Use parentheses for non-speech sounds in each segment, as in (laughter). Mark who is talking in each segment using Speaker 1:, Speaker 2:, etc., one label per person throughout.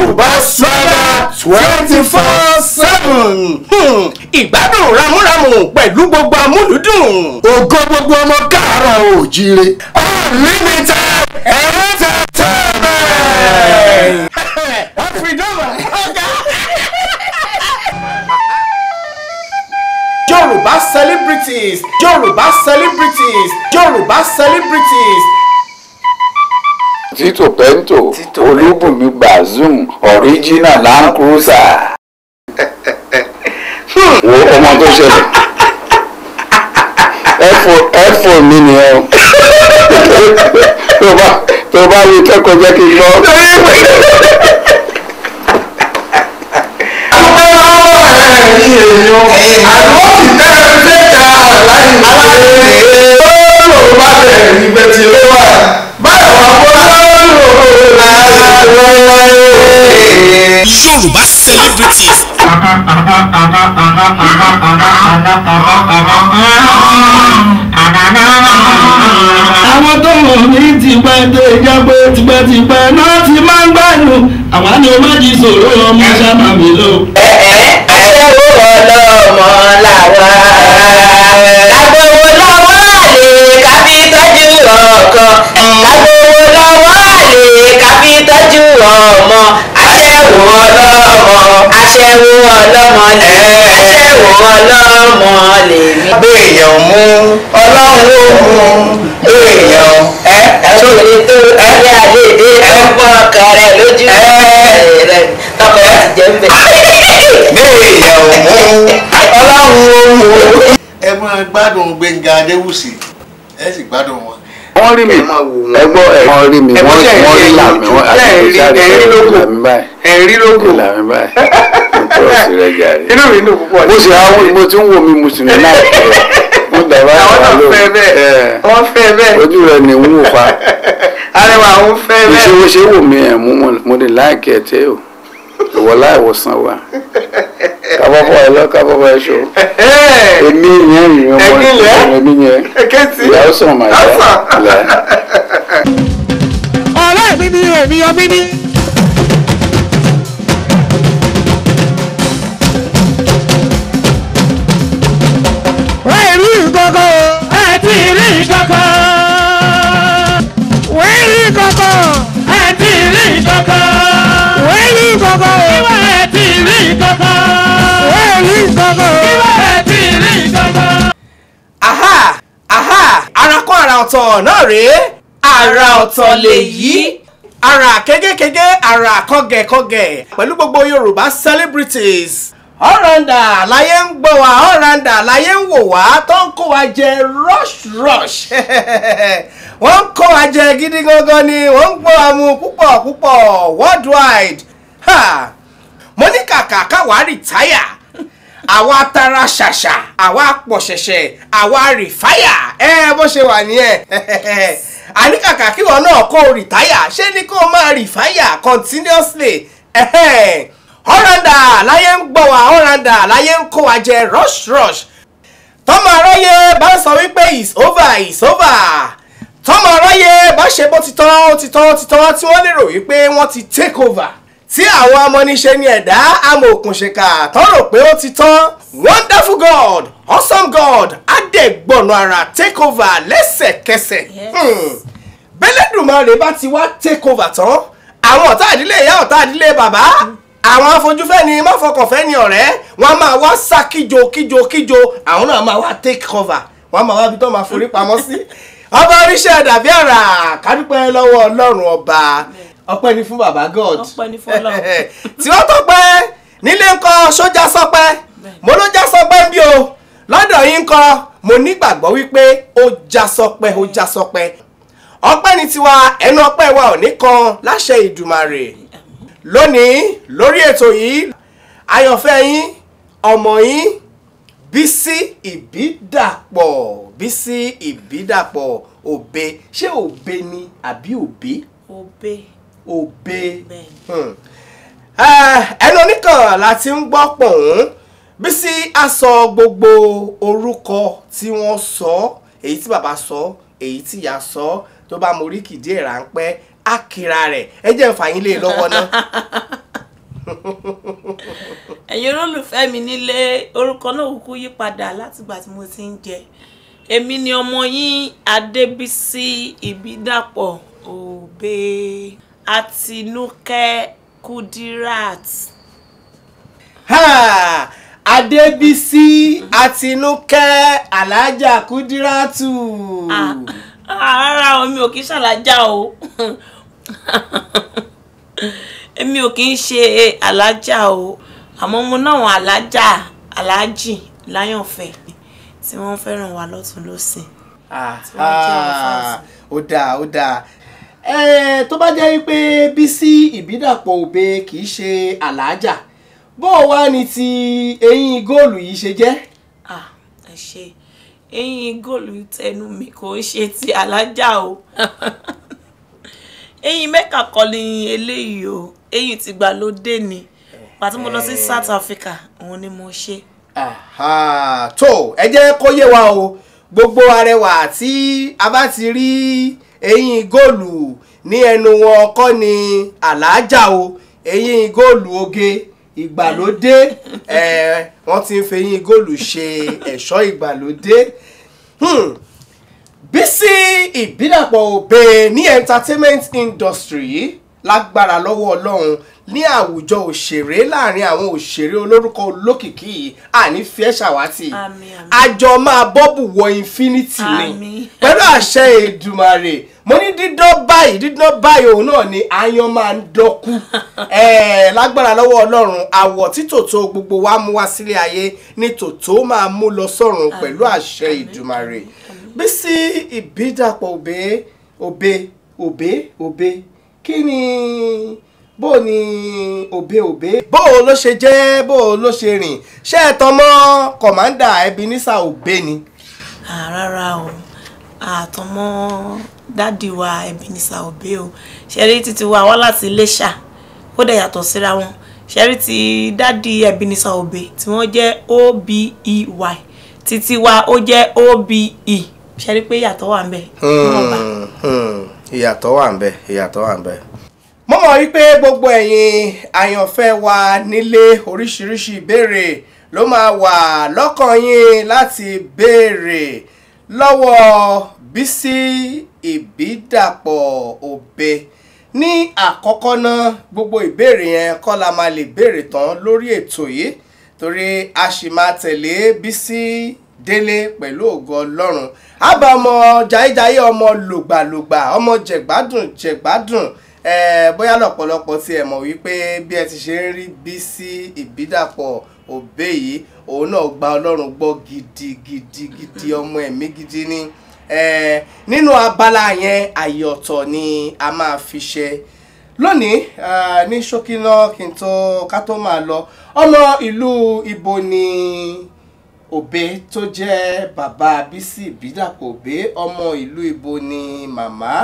Speaker 1: ò bá sọ́ra twenty four seven. Hmm. ìgbádùn ramúramù pẹ̀lú gbogbo amúlùdùn. ògo gbogbo ọmọ káàárọ̀ oòjíire. unlimited entertainment. (laughs) Yorùbá celebrities Yorùbá celebrities Yorùbá celebrities tito pento olúbùnmi gbazum original land cruiser. wo ọmọ tó ṣẹlẹ̀ ẹ̀fọ́ mi ni ẹ tó bá rí kẹ́kọ̀ọ́ jẹ́ kí n lọ. ẹ̀yin èèyàn àlọ́ ti tẹ́lẹ̀ tẹ́ta aláìní. aláìní ó lò bá bẹ̀rẹ̀ níbẹ̀ tí ó wà. Yorùbá celebrities. àwọn tó mọ̀ ní tipẹ́tẹ́ jágbé tipẹ́tipẹ́ náà ti máa ń gbádùn àwa ni o má jí sòrò ọmọ sábà mi lò.
Speaker 2: ẹ ẹ ayé wo ọlọ́mọ làwa.
Speaker 3: lọ́mọlẹ̀ ẹ̀ṣẹ̀ wọ́n lọ́mọlẹ̀ mi. béèyàn mú ọlọ́run ó mú béèyàn ẹ ẹ tó lè tó ilé àlèdè ẹ̀fọ́ ọkàn rẹ̀ lójú rẹ̀ tọkọ bá ti jẹ́ mbẹ́.
Speaker 2: béèyàn mú ọlọ́run ó mú. ẹ máa gbádùn Gbẹ́ngà Adéwùsì ẹ sì gbádùn wọn wọ́n rí mi ẹgbọ́ ẹ̀wọ́n rí mi wọ́n rí làmì wọ́n àti ìgbésẹ̀ àríwá ẹ̀rí lógo ẹ̀rí lógo. Eh,
Speaker 1: inú mi dùn púpọ̀. mo sì àwọn
Speaker 2: mo ti ń wo mi mùsùlùmí náà
Speaker 1: mo dàbá àwọn náà fẹ́ bẹ́ẹ̀ eh. wọ́n fẹ́ bẹ́ẹ̀ ojú rẹ̀ ni n wò pa. arẹwà (laughs) àwọn fẹ́ bẹ́ẹ̀. ìṣòwò ṣe wò mí ẹ̀ mo lè láìkí ẹ̀ tẹ́ o ìwọ láìwòsàn wa
Speaker 2: kabọbọ ẹ lọ kabọbọ ẹ ṣo eh. èmi yẹn yìí ọmọ ìṣòro èmi yẹn ìyàwó sọ̀rọ̀ màá yẹ lẹ.
Speaker 4: (laughs) ọ̀rẹ́ mi ni èmi ọmí
Speaker 1: ọ̀tọ̀ náà rèé àrà ọ̀tọ̀ lèyí àrà kégékégé ara kọ́gẹ̀kọ́gẹ̀ pẹ̀lú gbogbo Yorùbá celebrities ọ̀ràndà láyé ń gbọ́ wá ọ̀ràndà láyé ń wò wá tó ń kó wa jẹ rush rush (laughs) wọ́n ń kó wa jẹ gidi gangan ni wọ́n ń gbọ́ àmú púpọ̀ púpọ̀ worldwide ha mo ní kàkà àwa tara ṣàṣà àwa pọ̀ ṣẹ̀ṣẹ̀ àwa rìfáyà ẹ bó ṣe wà nìyẹn (laughs) àní kàkà kí wọn náà kó rìtáyà ṣé ní kó máa rìfáyà continuously (laughs) ọ̀ràndà láyé ń gbọ́ wa ọ̀ràndà láyé ń kó wa jẹ rush rush tọ́mọ aráyé bá ń sọ wípé it's over it's over tọ́mọ aráyé bá ṣe bó ti tán ó ti tán ó ti tán tí wọ́n lérò wípé wọ́n ti take over tí àwọn amọ̀niṣe ni ẹ̀dá amòòkùnṣèkà tó rò pé ó ti tán wonderful god awesome god adẹ́gbọ̀nà ara take over lẹ́sẹ̀kẹsẹ̀ hmm. bẹ́lẹ́dùmarè bá ti wá take over tán àwọn ọ̀tá ìdílé ìyá ọ̀tá ìdílé bàbá àwọn afojúfẹ́ ni mọ́fọkànfẹ́ ni ọ̀rẹ́ wọn a máa wá sá kíjo kíjo kíjo àwọn náà máa wá take over wọn a máa wá bí tó máa forí pamọ́ sí (laughs) ọba oríṣẹ́ dàbí àrà kádúpẹ́ lọ́wọ́ ọlọ́run ọba. Amen ọpẹ́ ni fún baba god ọpẹ́ ni fún Ọlọ́run (laughs) tí ó tó pẹ́ nílé ńkọ́ sójà sọpẹ́ mo ló já sọpẹ́ bí o lọ́dọ̀ yìí ńkọ́ mo nígbàgbọ́ wípé ó já sọpẹ́ ó já sọpẹ́ ọpẹ́ ni tiwa ẹnu ọpẹ́ wa ò ní kan láṣẹ ìdùmarè lónìí lórí ètò yìí àyànfẹ́ yín ọmọ yín Bísí Ìbídàpọ̀ Bísí Ìbídàpọ̀ òbe ṣé òbe ni àbí òbí. òbe òbe hmm. eh, ẹnu oníkan láti ń gbọ́ pọ̀hún Bísí á sọ gbogbo orúkọ tí wọ́n sọ èyí tí bàbá sọ èyí tí ìyá sọ tó bá mo rí kìdí ẹ̀ ráńpẹ́ á kíra rẹ̀ ẹ jẹ́ ń fàyín lé e lọ́wọ́ náà
Speaker 4: (laughs) ẹ̀yin olólùfẹ́ mi nílé orúkọ náà kúkú yí padà látìgbà tí mo ti ń jẹ èmi ni ọmọ yín Adébísí Ìbídàpọ̀ Òbe. Àtinúkẹ́ Kudirat.
Speaker 1: Ha! Adébísí Àtinúkẹ́ Alájà Kudiratu. Rárá o, mi ò kí ń ṣàlájà o.
Speaker 4: Èmi ò kí ń ṣe alájà o. Àmọ́ mo náwọn alájà aláàjì láyànfẹ́ tí wọ́n fẹ́ràn wa
Speaker 1: lọ́tún lọ́sìn. Ó dáa ó dáa tó bá jẹ́ pé Bísí Ìbídàpọ̀ Òbe kì í ṣe àlàájà bó o wá ní ti eyín góòlù yìí ṣe jẹ́.
Speaker 4: ẹ ṣe eyín góòlù tẹnu mi kò ń ṣe ti àlàájà o (laughs) eyín mẹ́ka kọ́ ni eléyìí o eyín tìgbà ló dé ni pàtó mo lọ sí eh. South Africa òun ni mo ṣe.
Speaker 1: tó ẹ jẹ́ kó yé wa o gbogbo arẹwà tí a bá ti rí. Ri eyín góòlù ní ẹnu wọn kọ́ ni àlàájá o eyín góòlù oge ìgbàlódé wọ́n ti ń fẹyín góòlù ṣe ẹ̀ṣọ́ ìgbàlódé hmm. Bísí Ìbídàpọ̀ Òbè ní entertainment industry yìí lágbára lọ́wọ́ Ọlọ́run ní àwùjọ òṣèré láàrin àwọn òṣèré olórúkọ olókìkí yìí àní fẹ́ ṣàwátì àjọ máa bọ́bù wọ infinity ni pẹ̀lú àṣẹ Èdùmàrè mo ní dídán báyìí dídán báyìí òun náà ni ayan máa ń dọ́kú (laughs) lágbára lọ́wọ́ ọlọ́run àwọ̀ tí tòótọ́ gbogbo wa mú wá sílé ayé ni tòótọ́ máa mú lọ sọ́run pẹ̀lú àṣẹ ìdùmarè Bísí Ìbídàpọ̀ òbé òbé òbé òbé kí ni bó ni òbé òbé bó ló ṣe jẹ́ bó ló ṣe rìn ṣé ẹ tọmọ kọ̀mándà Ebenezer òbé ni.
Speaker 4: rárá o àtọmọ dádì wa Ebenezer Obey o ṣẹ́rí títí wa wá láti Iléṣà ó dẹ̀ yàtọ̀ síra wọn ṣẹ́rí ti dádì Ebenezer Obey tí wọ́n jẹ́ O-B-E-Y títí wa ó jẹ́ O-B-E
Speaker 1: ṣẹ́rí pé ìyàtọ̀ wà ń bẹ̀. Hmm, hmm, ìyàtọ̀ wà ń bẹ̀ ìyàtọ̀ wà ń bẹ̀ mo mọ̀ wípé gbogbo ẹ̀yin àyànfẹ́ wa nílé oríṣiríṣi ìbéèrè ló máa wà lọ́kàn yín láti béèrè lọ́wọ́ Bísí Ìbídàpọ̀ Òbe ní àkọ́kọ́ náà gbogbo ìbéèrè yẹn kọ́ la máa lè béèrè tán lórí ètò yìí torí a sì máa tẹ̀lé Bísí délé pẹ̀lú ògo ọlọ́run àbá ọmọ jayéjayé ọmọ lògbàlògbà ọmọ jẹ̀gbádùn jẹ̀gbádùn bóyá lọ́pọ̀lọpọ̀ tí ẹ mọ̀ wípé bí ẹ ti ṣe ń rí Bísí Ìbídàpọ̀ Òbe yìí òun náà gba ọlọ́run gbọ́ gidigidi gidi ọmọ ẹ̀mí gidi ni. Gidi, gidi, gidi, nínú abala yẹn àyè ọ̀tọ̀ ni a máa fi ṣe lónìí ní ṣókí náà kí n tó ká tó máa lọ ọmọ ìlú ibo ni òbé tó jẹ́ bàbá bísí ìbídàpọ̀ òbé ọmọ ìlú ibo ni màmá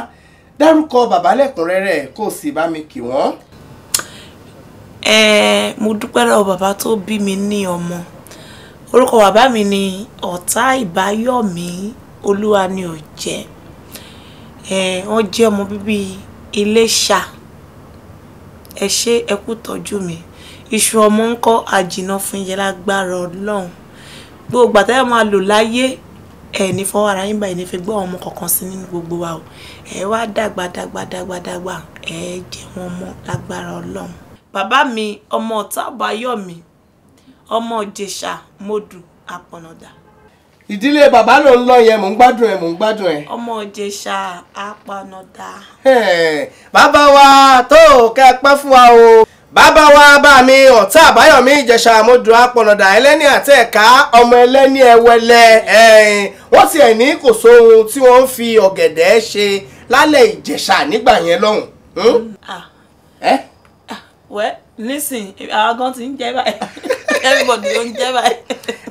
Speaker 1: dárúkọ bàbá lẹ́kùnrẹ́rẹ́ kó o sì bá mi kì wọ́n.
Speaker 4: ẹ mo dúpẹ́ lọ́wọ́ bàbá tó bí mi ní ọmọ orúkọ bàbá mi ni ọ̀tá ìbáyọ̀mí olúwa ni ò jẹ́ wọ́n jẹ́ ọmọ bíbí iléṣà ẹ ṣé ẹ kú tọ́jú mi iṣu ọmọ ń kọ́ àjìnà fún yẹn lágbára ọlọ́run gbogbo àtẹ́yọ̀ máa lò láyé ẹ ní fọwọ́ ara yín báyìí ní fi gbọ́ ọmọ kankan sí nínú gbogbo wa o ẹ wá dàgbà dàgbà dàgbà dàgbà ẹ jẹ wọn mọ́ lágbára ọlọ́run. bàbá mi ọmọ ọ̀tá àbáyọ̀ mi
Speaker 1: ọmọ ìjẹ̀ṣà mọ́dù àpọ̀nàdà ìdílé bàbá ló ń lọ yẹn mò ń gbádùn ẹ mò ń gbádùn ẹ.
Speaker 4: ọmọ òjèṣà apanada.
Speaker 1: bàbá wa tó kẹpẹ́ fún wa o bàbá wa bá mi ọ̀tá àbáyọ̀mí ìjẹ̀ṣà àmọ́dù apọ̀nàdà ẹlẹ́ni àti ẹ̀ka ọmọ ẹlẹ́ni ẹwẹlẹ wọ́n ti ẹ̀ ní kò sóhun tí wọ́n ń fi ọ̀gẹ̀dẹ̀ ṣe lálẹ́ ìjẹ̀ṣà nígbà yẹn lọ́hùn. wẹ́ẹ́ hm? mm, ah.
Speaker 4: ah, listen àwọn gan ti ń jẹ báyìí everybody ló ń jẹ báyìí.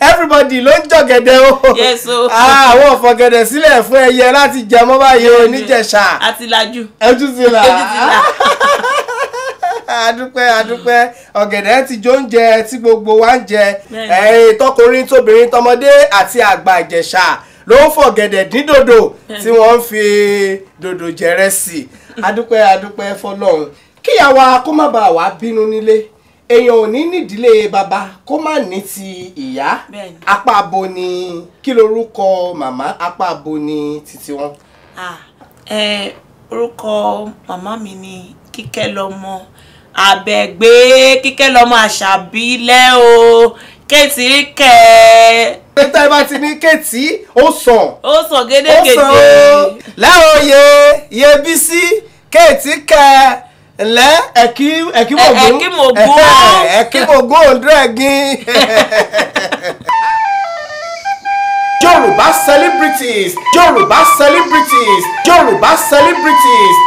Speaker 1: everybody ló ń jọ̀gẹ̀dẹ̀ o. yes o. Ah, àwọn ọ̀fọ̀gẹ̀dẹ̀ sílẹ̀ fún ẹyẹ láti jẹ mọ́ báyìí o níjẹ̀ṣà. àti lajú. ojú ti là. ojú ti là adúpẹ́ (laughs) adúpẹ́ ọ̀gẹ̀dẹ̀ ti jó ń jẹ tí gbogbo wa ń jẹ tọkùnrin tóbìnrin tọmọdé àti àgbà ìjẹ̀ṣà ló ń fọ̀gẹ̀dẹ̀ dín dòdò tí wọ́n ń fi dòdò jẹrẹ sí adúpẹ́ adúpẹ́ fọlọ́run kíyàwó kó má bàa wá bínú nílé èèyàn ò ní nídìílé bàbá kó má ní ti ìyá apá abo ni kí lorúkọ màmá apá abo ni títí wọn. orúkọ màmá
Speaker 4: mi ni kíkẹ́ lọ́mọ àbẹ̀gbé kíkẹ́ lọ́mọ àṣàbílẹ̀
Speaker 1: o kéètì kẹ́. pété bá ti ní kéètì ó sàn. ó
Speaker 4: sàn gédégédé. ó sàn o
Speaker 1: láwọn oyè iyebísí kéètì kẹ́ ǹlẹ́ ẹ̀kímògó ẹ̀kímògó ẹ̀kímògó òǹdúrẹ́gin. Yorùbá celebrities Yorùbá celebrities Yorùbá celebrities. (laughs)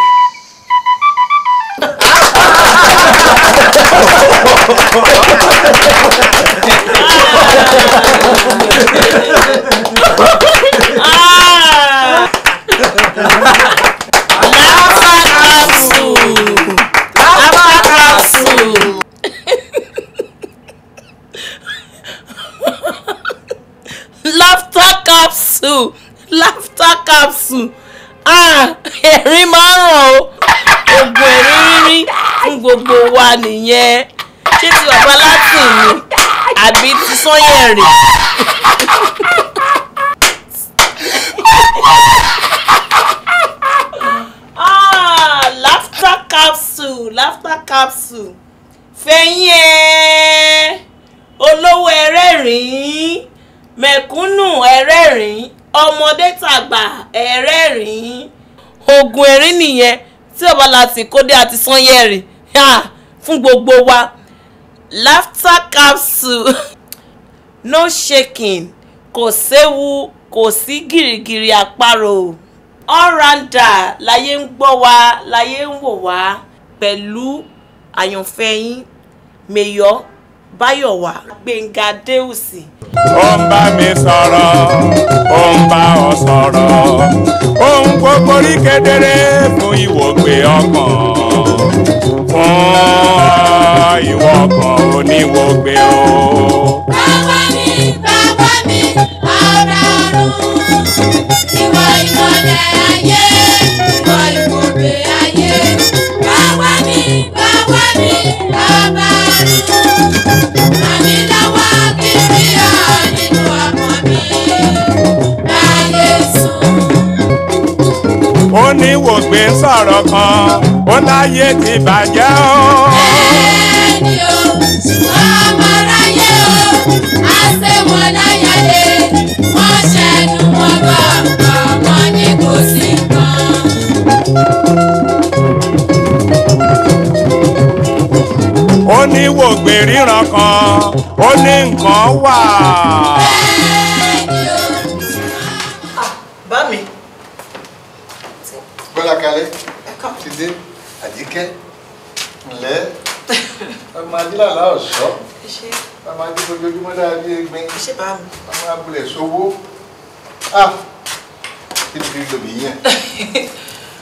Speaker 4: lóye ah laughter capsule laughter capsule fẹ̀yìn ẹ̀ olówó ẹ̀rẹ́rìn-ín mẹ̀kúnnù ẹ̀rẹ́rìn-ín ọmọdé tàgbà ẹ̀rẹ́rìn-ín ogun ẹ̀rín nìyẹn tí ọba láti kódé àti sanyẹ̀rì fún gbogbo wa laughter capsule no shaking kò séwu kò sí gìrìgìrì àparò all-rounder láyé ń gbọ́ wa láyé ń wò wá pẹ̀lú àyànfẹ́ yín Mayor Báyọ̀wá Gbénga Déùsì. ó ń
Speaker 2: bá mi sọ̀rọ̀ ó ń bá
Speaker 1: ọ sọ̀rọ̀ ohun gbogbo rí kedere fún ìwògbé ọkàn
Speaker 2: fún ìwọ oníwọ̀gbẹ́ o. bàbá mi bàbá mi ọ̀rọ̀ ọ̀run ìwọ ìmọ̀lẹ̀ ayé ìwọ ìwòbe ayé bàbá mi
Speaker 1: bàbá mi bàbá ọ̀run àmì lọ́wọ́ kìrì ọ̀ nínú ọmọ mi láyé sọ̀rọ̀ kan ó láyé ti bàjẹ́ o. ẹni o.
Speaker 3: ó ní wògbè ríran kan
Speaker 1: ó ní nǹkan wà.
Speaker 2: bá mi. bọ́lá kalẹ̀ ti dé àjíkẹ́ ǹlẹ́ ọmọ adílàlá ọ̀ṣọ́ ọmọ adífojoojúmọ́ dára bí egbin ọmọ abúlé sówó kí ni kí n lòbí yẹn.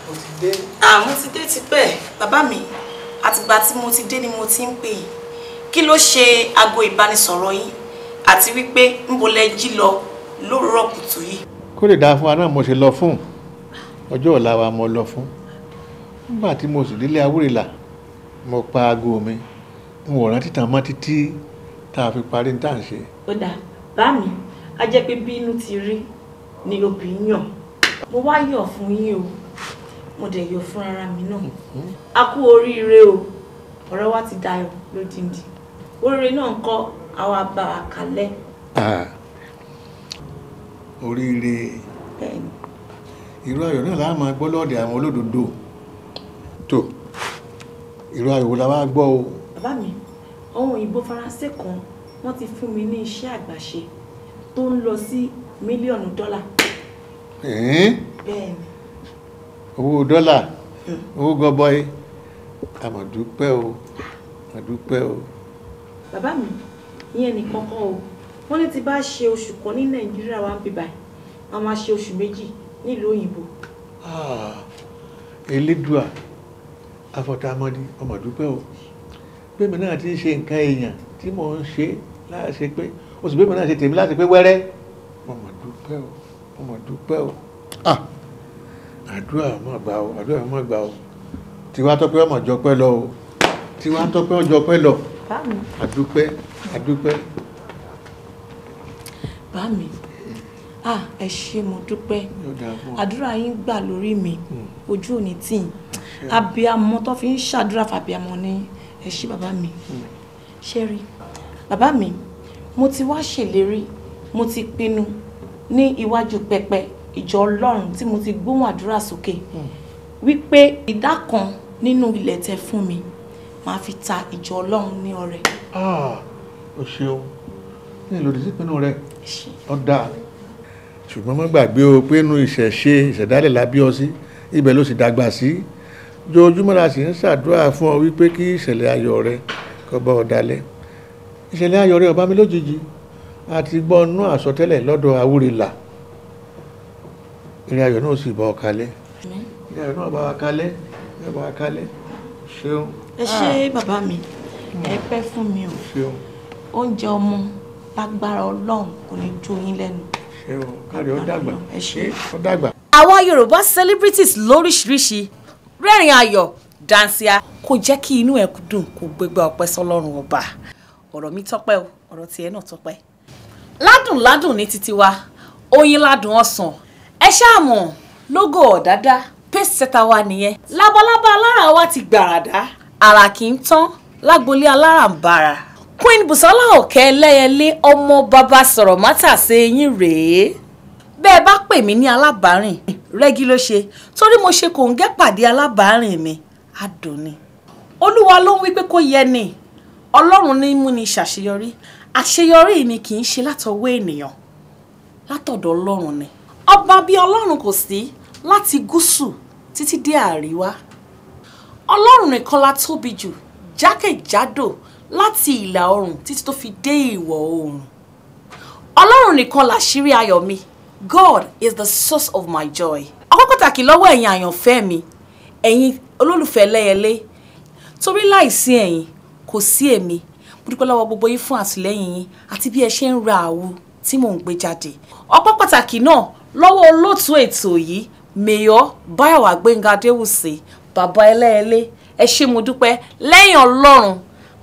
Speaker 2: mo ti dé. àmọ́ ti dé tipẹ́
Speaker 4: bàbá mi àtìgbà tí mo ti dé ni mo ti ń pè yìí kí ló ṣe aago ìbánisọ̀rọ̀ yìí àti wípé ń bo lẹ jí lọ lóòrọ̀ kùtù yìí.
Speaker 2: kó lè dáa fún wa náà mo ṣe lọ fún ọjọ́ ọ̀la wa mo lọ fún nígbà tí mo sì délé awúrẹ́là mo pa aago mi n ò rántí tàn mọ́ títí tá a fi parí ní tàn ṣe.
Speaker 4: ó dà bá mi a jẹ́ pé bí ti rí ni obì yàn mo wá yàn fún yín o mo dẹ̀ yọ fún ara mi náà mm-hmm. a kú oríire o ọ̀rọ̀ wa ti dayọ̀ lódindi oríire náà ń kọ́ àwa bá a kalẹ̀.
Speaker 2: oríire irú ayọ̀ náà láà máa gbọ́ lọ́ọ̀dẹ̀ àwọn olódodo tó irú ayọ̀ la wá gbọ́ o.
Speaker 4: bàbá mi ọ̀hún òyìnbó faransé kan wọ́n ti fún mi ní iṣẹ́ àgbàṣe tó ń lọ sí mílíọ̀nù dọ́là.
Speaker 2: bẹ́ẹ̀ owó dọ́là owó gọbọi àmọ̀dúpẹ́ o àdúpẹ́ o.
Speaker 3: bàbá mi
Speaker 4: ìyẹn nìkan kọ́ o wọ́n ní ti bá ṣe oṣù kan ní nàìjíríà wa ń bíbá ẹ̀ a máa ṣe oṣù méjì nílùú òyìnbó.
Speaker 2: Ah, elédùà afọtàmọdé ọmọdúpẹ́ o gbẹmí náà ti ń ṣe nǹkan èèyàn tí mò ń ṣe láṣẹ pé oṣù gbẹmí náà ṣe tèmi láti pé wẹ́rẹ́ ọmọdúpẹ́ o ọmọdúpẹ́ o. ah àdúrà má gbà o àdúrà má gbà o tiwa tọpẹ́ ọmọ jọpẹ́ lọ o tiwa tọpẹ́ ọmọ jọpẹ́ lọ àdúpẹ́ àdúpẹ́.
Speaker 4: bá mi ah ẹ ṣé mo dúpẹ́ àdúrà yín gbà lórí mi hmm. ojú òní tì í abiamọ tó fi ń ṣàdúrà fàbiamọ ní ẹ ṣé bàbá mi hmm. ṣe rí bàbá mi mo ti wá ṣèlérí mo ti pinnu ní iwájú pẹpẹ ìjọ ọlọ́run tí mo ti gbóhùn àdúrà sókè hmm. wípé ìdá kan nínú ilẹ̀ tẹ fún mi máa fi ta ìjọ ọlọ́run ní ọrẹ.
Speaker 2: Ah, o ṣeun ní ìlòdì sí ìpinnu rẹ ọ dáa ṣùgbọ́n má gbàgbé o pé inú ìṣẹ̀ṣe ìṣẹ̀dálẹ̀ la bí ọ sí ibẹ̀ ló sì dàgbà sí jojúmọ́ la sì ń ṣàdúrà fún ọ wípé kí ìṣẹ̀lẹ̀ ayọ̀ rẹ kó bá ọ dalẹ̀ ìṣẹ̀lẹ̀ ayọ̀ rẹ ó bá mi lójijì àti gbọ́nú àsọtẹ́lẹ̀ lọ́dọ̀ àwúrẹ́là eré ayọ̀ náà sì bá ọ kalẹ̀ eré ayọ̀ náà bá wa kalẹ̀ ẹ bá wa kalẹ̀ ṣeun. ẹ ṣe ah.
Speaker 4: bàbá mi ẹ hmm. pẹ́ fún mi o oúnjẹ ọmọ lágbára ọlọ́run kò ní jó yín lẹ́nu.
Speaker 2: ṣeun kárí ó dàgbà ó dàgbà.
Speaker 4: àwọn yorùbá celebrities lóríṣiríṣi rẹ́rìn ayọ̀ dansia kò jẹ́ kí inú ẹ̀ dùn kó gbégbá ọpẹ́ sọlọ́run ọba ọ̀rọ̀ mi tọ́pẹ́ o ọ̀rọ̀ tiẹ̀ náà tọ́pẹ́ ládùn ládùn ní títí oyin ládùn ọsàn ẹ ṣáàmù lógo ọ̀dádá pace setter wa nìyẹn labalábá alára wa ti gbàràdá àrà kì í tán lágbolé alárànbarà queen busola òkè ẹlẹ́yẹlé ọmọ bàbá sọ̀rọ̀ mátàsé yín rèé bẹ́ẹ̀ bá pè mí ní alábàárìn rẹ́gí ló ṣe torí mo ṣe kò ń gẹ́ pàdé alábàárìn mi adùnni olúwa ló ń wí kó yẹ ni ọlọ́run ní mú ni ṣàṣeyọrí àṣeyọrí mi kì í ṣe látọwọ́ ènìyàn látọ̀dọ̀ ọlọ́run ni ọba bíi ọlọ́run kò sí láti gúúsù títí dé àríwá ọlọ́run nìkan la tóbi jù jákèjádò láti ìlà oòrùn títí tó fi dé ìwọ̀ oòrùn ọlọ́run nìkan làṣírí ayọ̀ mi God is the source of my joy ọkọ pàtàkì lọ́wọ́ ẹ̀yin àyànfẹ́ mi ẹ̀yin olólùfẹ́ lẹ́yẹlé torí láìsí ẹ̀yin kò sí èmi mo dúpẹ́ lọ́wọ́ gbogbo yín fún àtìlẹ́yìn yín àti bí ẹ ṣe ń ra àwo tí mò ń gbé jáde ọpọ́ pàtàkì náà lọ́wọ́ olóòtú ètò yìí mèyọ́ báyọ̀wá gbẹ̀ngà adéwùsè bàbá ẹlẹ́ẹ̀lẹ́ ẹ ṣé mo dúpẹ́ lẹ́yìn ọlọ́run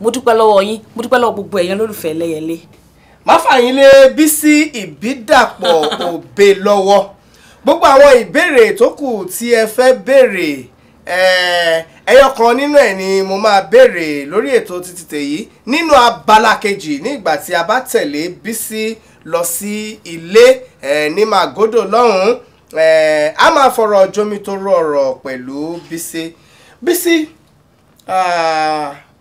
Speaker 4: mo dúpẹ́ lọ́wọ́ yín mo dúpẹ́ lọ́wọ́ gbogbo ẹ̀yàn lólùfẹ́ ẹlẹ́yẹlé.
Speaker 1: má fàyín lé bísí ìbídàpọ̀ òbe lọ́wọ́ gbogbo àwọn ìbéèrè tó kù tí ẹ fẹ́ béèrè eh, ẹyọ kan nínú ẹ ni mo máa béèrè lórí ètò títí tèyí nínú abala kejì ní ìgbà tí a bá tẹ̀lé bísí lọ sí ilé ní Màgódò lọ́hùn-ún a máa fọ̀rọ̀ jomitoro ọ̀rọ̀ pẹ̀lú Bísí Bísí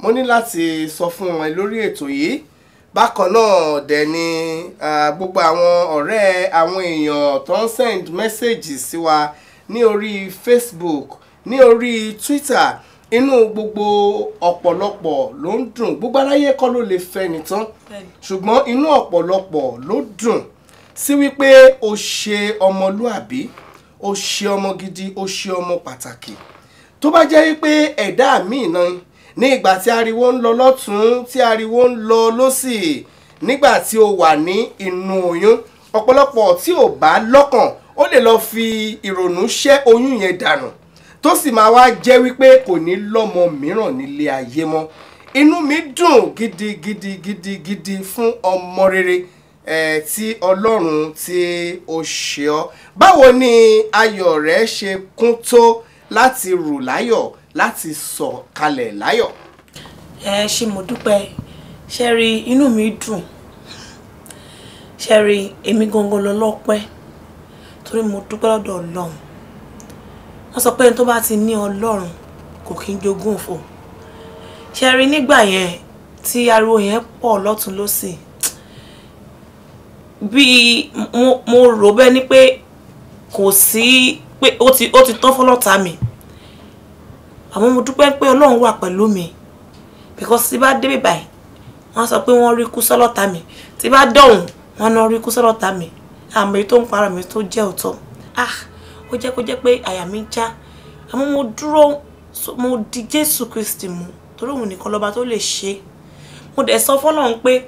Speaker 1: mo ní láti sọ fún wọn lórí ètò yìí bákan náà dẹ̀ ni gbogbo àwọn ọ̀rẹ́ àwọn èèyàn tó ń send messages sí wa ní orí Facebook ní orí Twitter inú gbogbo ọ̀pọ̀lọpọ̀ ló ń dùn gbogbo aráyé kọ́ ló lè fẹ́ nìtán ṣùgbọ́n inú ọ̀pọ̀lọpọ̀ ló dùn sí wípé o ṣe ọmọlúàbí o ṣe ọmọ gidi o ṣe ọmọ pàtàkì tó bá jẹ́ wípé ẹ̀dá míì náà ní ìgbà tí ariwo ń lọ lọ́tún tí ariwo ń lọ lọ́sì nígbà tí o wà ní inú oyún ọ̀pọ̀lọpọ̀ tí ò bá lọ́kàn ó lè lọ fi ìrònú ṣẹ́ oyún yẹn dànù tó sì máa wá jẹ́ wípé kò ní lọ́mọ mìíràn nílé ayé mọ́ inú mi dùn gidigidi gidigidi fún ọmọ rere eh, tí ọlọ́run tí ó ṣe ọ́ báwo ni ayọ̀ rẹ ṣe kún tó láti rù láyọ̀ láti sọ̀ kalẹ̀ láyọ̀.
Speaker 4: ẹ ṣé mo dúpẹ́ ṣe rí inú mi dùn ṣe rí èmi gangan lọ́lọ́pẹ́ torí mo dúpẹ́ lọ́dọ̀ ọlọ́run wọ́n sọ pé ẹni tó bá ti ní ọlọ́run kò kí ń jogún òfò ṣe rí nígbà yẹn tí ariwo yẹn pọ̀ lọ́tún lọ́sì bí mo rò bẹ́ẹ̀ ni pé kò sí pé ó ti ó ti tán fọlọ́ta mi àmọ́ mo dúpẹ́ pé ọlọ́run wà pẹ̀lú mi because tí bá débè báyìí wọ́n sọ pé wọ́n rí kú sọ́lọ́ta mi tí bá dọ̀hùn wọ́n náà rí kú sọ́lọ́ta mi àmọ́ èyí tó ń para mi tó jẹ́ òótọ́ ah kó jẹ́ kó jẹ́ pé àyà mi já àmọ́ mo dúró mo di Jésù Kristi mú torí òun nìkan lọ́ba tó lè ṣe mo dẹ̀ sọ fọ́lọ́run pé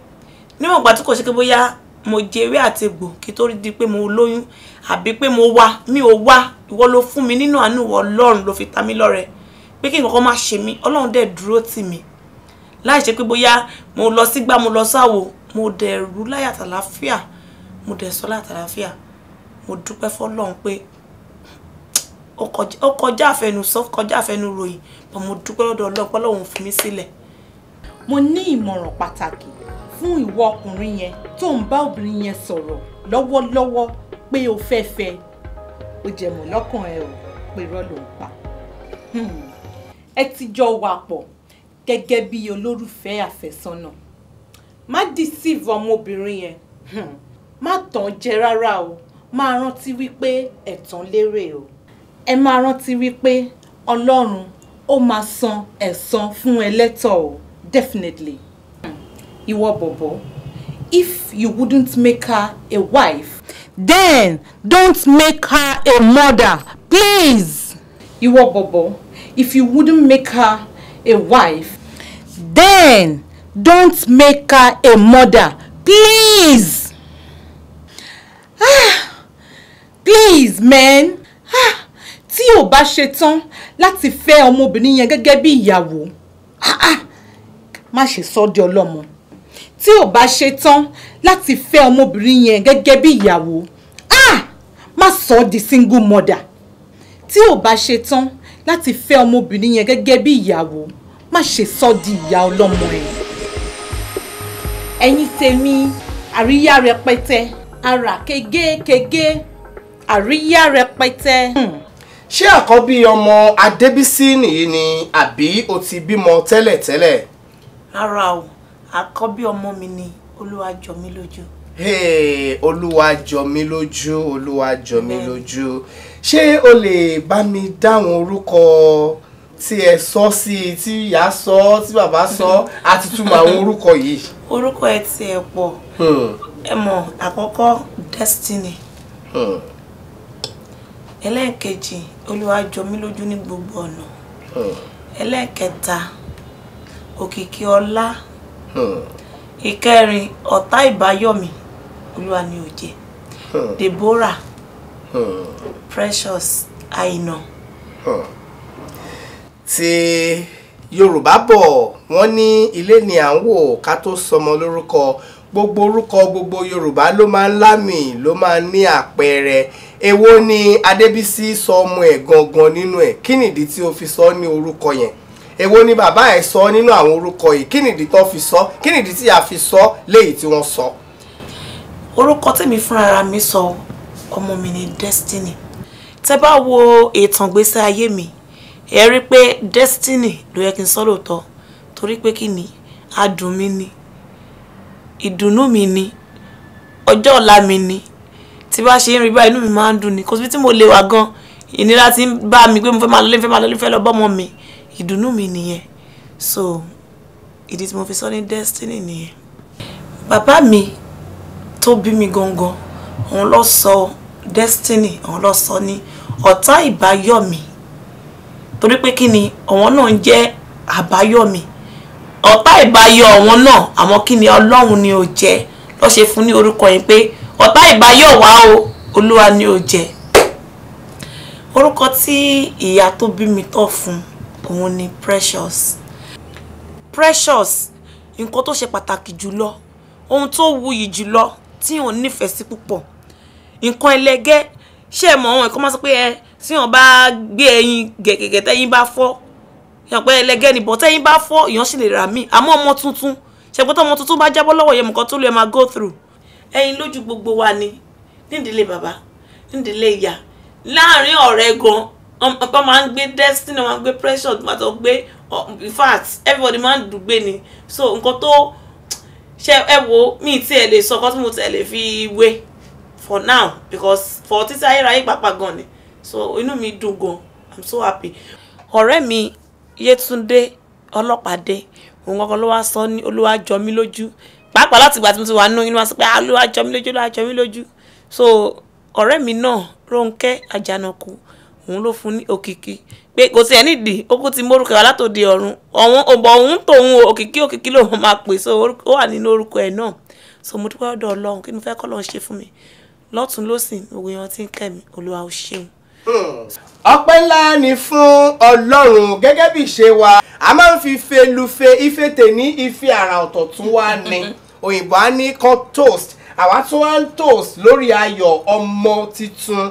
Speaker 4: níwọ̀n ìgbà tí kò ṣe pé bóyá mo jèrè àti egbò kí tó di pé mo lóyún àbí pé mo wá mi ò wá ìwọ ló fún mi nínú àánú ìwọ Ọlọ́run ló fi ta mí lọ́rẹ pé kí nǹkan má ṣe mí Ọlọ́run dẹ̀ dúró tì mí láì ṣe pé bóyá mo lọ sígbà mo lọ sáwo mo dẹ̀ rú láyàtàláfíà mo dẹ̀ sọ láyàtàláfíà mo dúpẹ́ fọ́lọ́run pé ó kọjá àfẹnusọ kọjá àfẹnuròyìn bọ́n mo
Speaker 3: dúpẹ́ lọ́dọ̀ ọlọ́pàá lòun fún mi sílẹ̀. mo ní ìmọ̀ràn pàtàkì fún ìwọ ọkùnrin yẹn tó ń bá obìnrin yẹn sọ̀rọ̀ lọ́wọ́lọ́wọ́ pé o fẹ́ fẹ́ o jẹ̀mọ̀ lọ́kàn ẹ o pé irọ́ ló ń pa hmm. ẹ ti jọ wà pọ̀ gẹ́gẹ́ bí olólùfẹ́ àfẹ́sọ́nà má deceive ọmọbìnrin yẹn hmm. má tàn án jẹ rárá o máa rántí wípé ẹ̀tàn lérè o ẹ máa rántí wípé ọlọ́run ó máa san ẹ̀san fún ẹlẹ́tọ̀ o definitely. ìwọ bọ̀bọ̀ if you wouldn't make her a wife then don't make her a mother please. ìwọ bọ̀bọ̀ if you wouldn't make her a wife then don't make her a mother please. ah please men. ah tí ò bá ṣe tán láti fẹ́ ọmọbìnrin yẹn gẹ́gẹ́ bí ìyàwó má ṣe sọ di ọlọ́mọ tí ò bá ṣe tán láti fẹ́ ọmọbìnrin yẹn gẹ́gẹ́ bí ìyàwó má sọ di single mother tí ò bá ṣe tán láti fẹ́ ọmọbìnrin yẹn gẹ́gẹ́ bí ìyàwó má ṣe sọ di ìyá ọlọ́mọ ẹ̀. ẹ̀yin tèmi àríyá rẹpẹtẹ ara kégékégé àríyá rẹpẹtẹ. Hmm
Speaker 1: ṣé àkọ́bí ọmọ adébísí nìyí ni àbí o ti bímọ tẹ́lẹ̀tẹ́lẹ̀.
Speaker 4: rárá o àkọ́bí ọmọ mi ni olúwa jọ mí lójú.
Speaker 1: Hey, olúwa jọ mí lójú olúwa jọ mí lójú ṣé o lè bá mi dáhùn orúkọ tí ẹ sọ sí i tí ìyá sọ tí bàbá sọ (laughs) àti túmọ̀ àwọn orúkọ yìí. orúkọ ẹ tiẹ̀ pọ̀ hmm.
Speaker 4: ẹ mọ̀ àkọ́kọ́ destiny. Hmm ẹlẹ́ẹ̀kejì olúwa jọ mí lójú ní gbogbo ọ̀nà hmm. ẹlẹ́ẹ̀kẹta òkìkí ọlá hmm. ìkẹrin ọ̀tá ìbáyọ̀mí olúwa ni ó hmm. Deborah
Speaker 1: Precious Àìnà. ti Yorùbá bọ̀ wọ́n ní ilé ni à ń wò ká tó sọmọ lórúkọ gbogbo orúkọ gbogbo Yorùbá ló máa ń lámì ló máa ń ní àpẹẹrẹ èwo ni adébísí sọ ọmọ ẹ̀ gangan nínú ẹ̀ kí nìdí tí o fi sọ ọ́ ní orúkọ yẹn èwo ni bàbá ẹ̀ sọ nínú àwọn orúkọ yìí kí nìdí tó fi sọ kí nìdí tí a fi sọ léyìí tí wọ́n sọ. orúkọ tèmi fúnra mi sọ ọmọ mi ni destiny
Speaker 4: tẹ́ bá wo ìtàn gbèsè ayé mi ẹ rí i pé destiny ló yẹ kí n sọ lóòótọ́ torí pé kí ni adùn mi ni ìdùnnú mi ni ọjọ́ ọ̀la mi ni tí bá ṣe ń rí báyìí inú mi máa ń dùn ni kò síbi tí mo lè wà gan ìnira ti ń bá mi pé mo fẹ́ máa lọ lé fẹ́ máa lọ lé fẹ́ lọ bọ́mọ mi ìdùnnú mi nìyẹn so ìdí tí mo fi sọ ní destiny nìyẹn. bàbá mi tó bí mi gangan òun ló sọ destiny òun ló sọ ní ọ̀tá ìbáyọ̀mí torí pé kí ni ọ̀wọ́n náà ń jẹ́ àbáyọ̀mí ọ̀tá ìbáyọ̀ ọ̀wọ́n náà àmọ́ kí ni ọlọ́run ni ò jẹ́ lọ́ ṣe fún ní orúkọ yẹn pé ọ̀tá ìbá yóò wá o olúwa ni ó jẹ orúkọ tí ìyá tó bí mi tọ́ fún òun ni precious precious nǹkan tó ṣe pàtàkì jùlọ ohun tó wuyì jùlọ tí òun nífẹ̀ẹ́ sí púpọ̀ nǹkan ẹlẹgẹ́ ṣé ẹ mọ̀ ohun ẹ̀kọ́ máa sọ pé ẹ tí wọ́n bá gbé ẹyin gẹ̀gẹ̀gẹ̀ tẹ́yìn bá fọ́ yàn pé ẹlẹgẹ́ nìbọ̀ tẹ́yìn bá fọ́ èèyàn sì lè rà mí àmọ́ ọmọ tuntun ṣẹ̀gbọ́n tó ọmọ tuntun bá jábọ́ lọ́wọ́ yẹn mọ̀kàn tó lè máa go through ẹ̀yin lójú gbogbo wa ni nídìílé bàbá nídìílé ìyá láàrin ọ̀rẹ́ gan ọ̀pọ̀ máa ń gbé destiny máa ń gbé pressure máa tó gbé oh, in fact everybody máa ń dùgbé ni so nǹkan tó ṣe ẹ wo mi tí ẹ lè sọ ọkọ tí mo lè fi wé for now because for títí ayérayé pàápàá gan ni so inú mi dùn gan i'm so happy. ọ̀rẹ́ mi Yétúndé Ọlọ́pàdé òun kankan ló wá sọ ní olúwa jọ mí lójú pàápàá láti ìgbà tí mo ti wà nínú inú wa sọ pé ah, Olúwa jọ mí lójú Olúwa jọ lójú so ọ̀rẹ́ mi náà Rónkẹ́ Àjànàkú òun ló fún ní òkìkí pé kò sí ẹni dì ókú ti mórúkọ wa látòde ọ̀run ọ̀hún ọ̀bọ̀ òun tòun òkìkí òkìkí lòun máa pè so ó wà nínú orúkọ ẹ̀ náà so mo dúpẹ́ ọ̀dọ̀ Ọlọ́run kí ni mo fẹ́ kọ́ lọ́n ṣe fún mi lọ́tún lọ́sìn òwe yẹn ti ń kẹ́ mi Olúwa ó
Speaker 1: ṣeun ọpẹ́ ńlá ni fún ọlọ́run gẹ́gẹ́ bí ṣe wa a máa ń fi fe lufe ife tèmi ife àrà ọ̀tọ̀ tún wá ni (laughs) òyìnbó á ní kan toast àwa tó wá ń toast lórí ayọ̀ ọmọ titun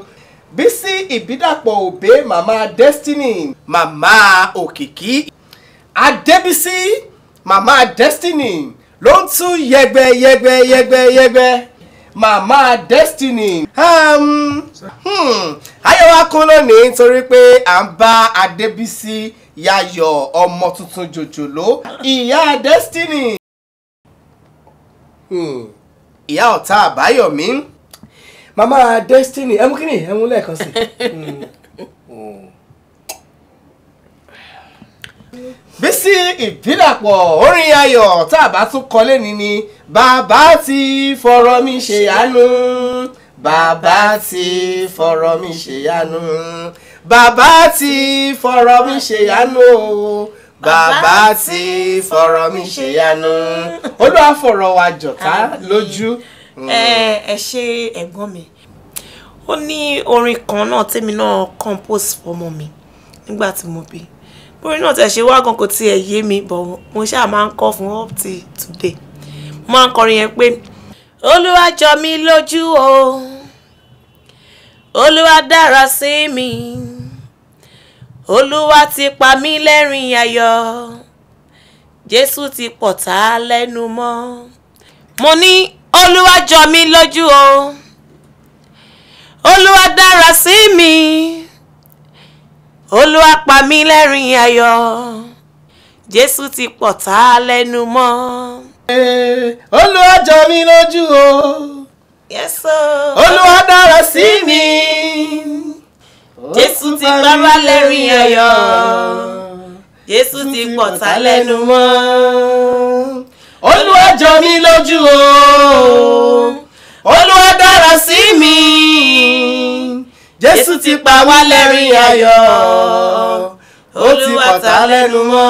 Speaker 1: Bísí Ìbídàpọ̀ Òbé màmá Destiny màmá Òkìkí Adébísí màmá Destiny ló ń tú yẹgbẹ yẹgbẹ yẹgbẹ yẹgbẹ màmá Destiny. Um, hmm, ayọ̀wá kún lónìí nítorí pé à ń bá Adébísí yayọ̀ ọmọ tuntun jòjòló ìyá Destiny. Hmm. ìyá ọ̀tá àbáyọ̀mí màmá destiny ẹmú kínní ẹmú lẹ́ẹ̀kan sí.
Speaker 2: Hmm.
Speaker 1: bísí ìbídàpọ̀ orin ayọ̀ tá a bá tún kọ́lé ni ni bàbá ti fọ̀rọ̀ mi ṣe àánú bàbá ti fọ̀rọ̀ mi ṣe àánú bàbá ti fọ̀rọ̀ mi ṣe àánú o bàbá ti fọ̀rọ̀ mi ṣèyanu olúwa fọ̀rọ̀ wa jọ̀ká lójú. ẹ ṣe ẹ̀gbọ́n mi ó ní orin
Speaker 4: kan náà tèmi náà compose fọmọ mi nígbà tí mo bí orin náà tẹ̀ ṣe wá gan kò tiẹ̀ yé mi bọ̀ mo ṣáà máa ń kọ́ fún up to today mo máa ń kọrin yẹn pé olúwa jọ mí lójú o olúwa dára sí mi olúwa ti pa mí lẹ́rìn ayọ̀ jésù ti pọ̀tá lẹ́nu mọ́ mo ní olúwa jọ mí lójú o olúwa dára sí mi olúwa pa mí lẹ́rìn ayọ̀ jésù ti pọ̀tá lẹ́nu mọ́. olúwa jọ mí lójú o. yes o. olúwa dára sí mi jésù
Speaker 1: ti gbára lẹ́rìn ẹ̀yọ́
Speaker 4: jésù ti pọ̀tá lẹ́nu mọ́ olúwa jọ mí lójú o
Speaker 1: olúwa dára sí mi jésù ti pa wá lẹ́rìn ẹ̀yọ́ ó ti pọ̀tá lẹ́nu mọ́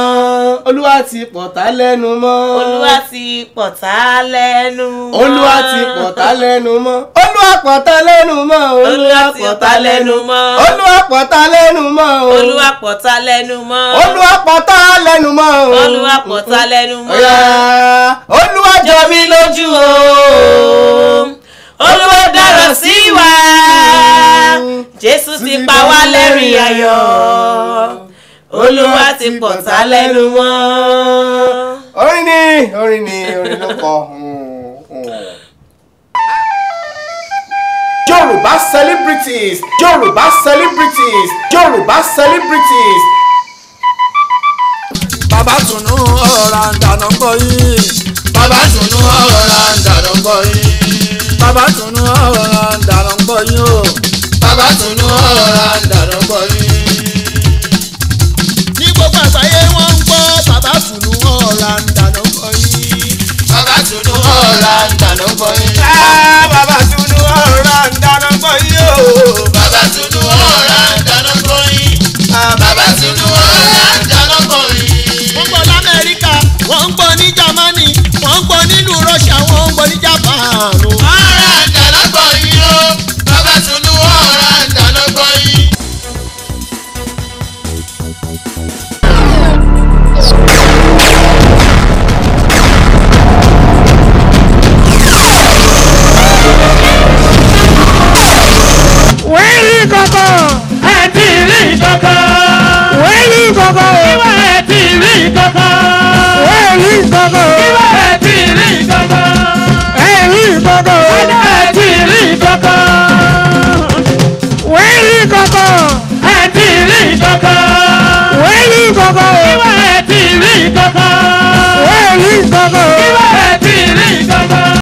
Speaker 1: olúwa ti pọ̀tá lẹ́nu mọ́ olúwa ti pọ̀tá lẹ́nu
Speaker 4: mọ́ olúwa ti pọ̀tá
Speaker 1: lẹ́nu mọ́ olúwa pọ̀tá lẹ́nu mọ́ olúwa pọ̀tá lẹ́nu mọ́ olúwa pọ̀tá lẹ́nu mọ́ olúwa
Speaker 4: pọ̀tá lẹ́nu mọ́ olúwa pọ̀tá lẹ́nu mọ́ olúwa pọ̀tá lẹ́nu mọ́ olúwa jọ mí lójú o olúwa dára sí wa jésù ti pa wá lẹ́rìn ayọ̀ olúwa ti pọ̀tá lẹ́nu
Speaker 1: mọ́. orin ni orin ni orin ló kọ. yorùbá celebrities yorùbá celebrities yorùbá celebrities.
Speaker 2: bàbá tunu ọ̀rọ̀ àǹdànà ń bọ̀ yìí. bàbá tùnú ọ̀rọ̀ àǹdànà ń bọ̀ yìí. bàbá tùnú ọ̀rọ̀ àǹdànà ń yìí o. bàbá tùnú
Speaker 1: ọ̀rọ̀ àǹdànà ń yìí gbogbo àgbáyé wọ́n ń gbọ́ bàbá sùnú ọ̀la ń dáná bọ́ yìí. bàbá sùnú ọ̀la ń dáná bọ́ yìí. Ah, bàbá o. bàbá sùnú.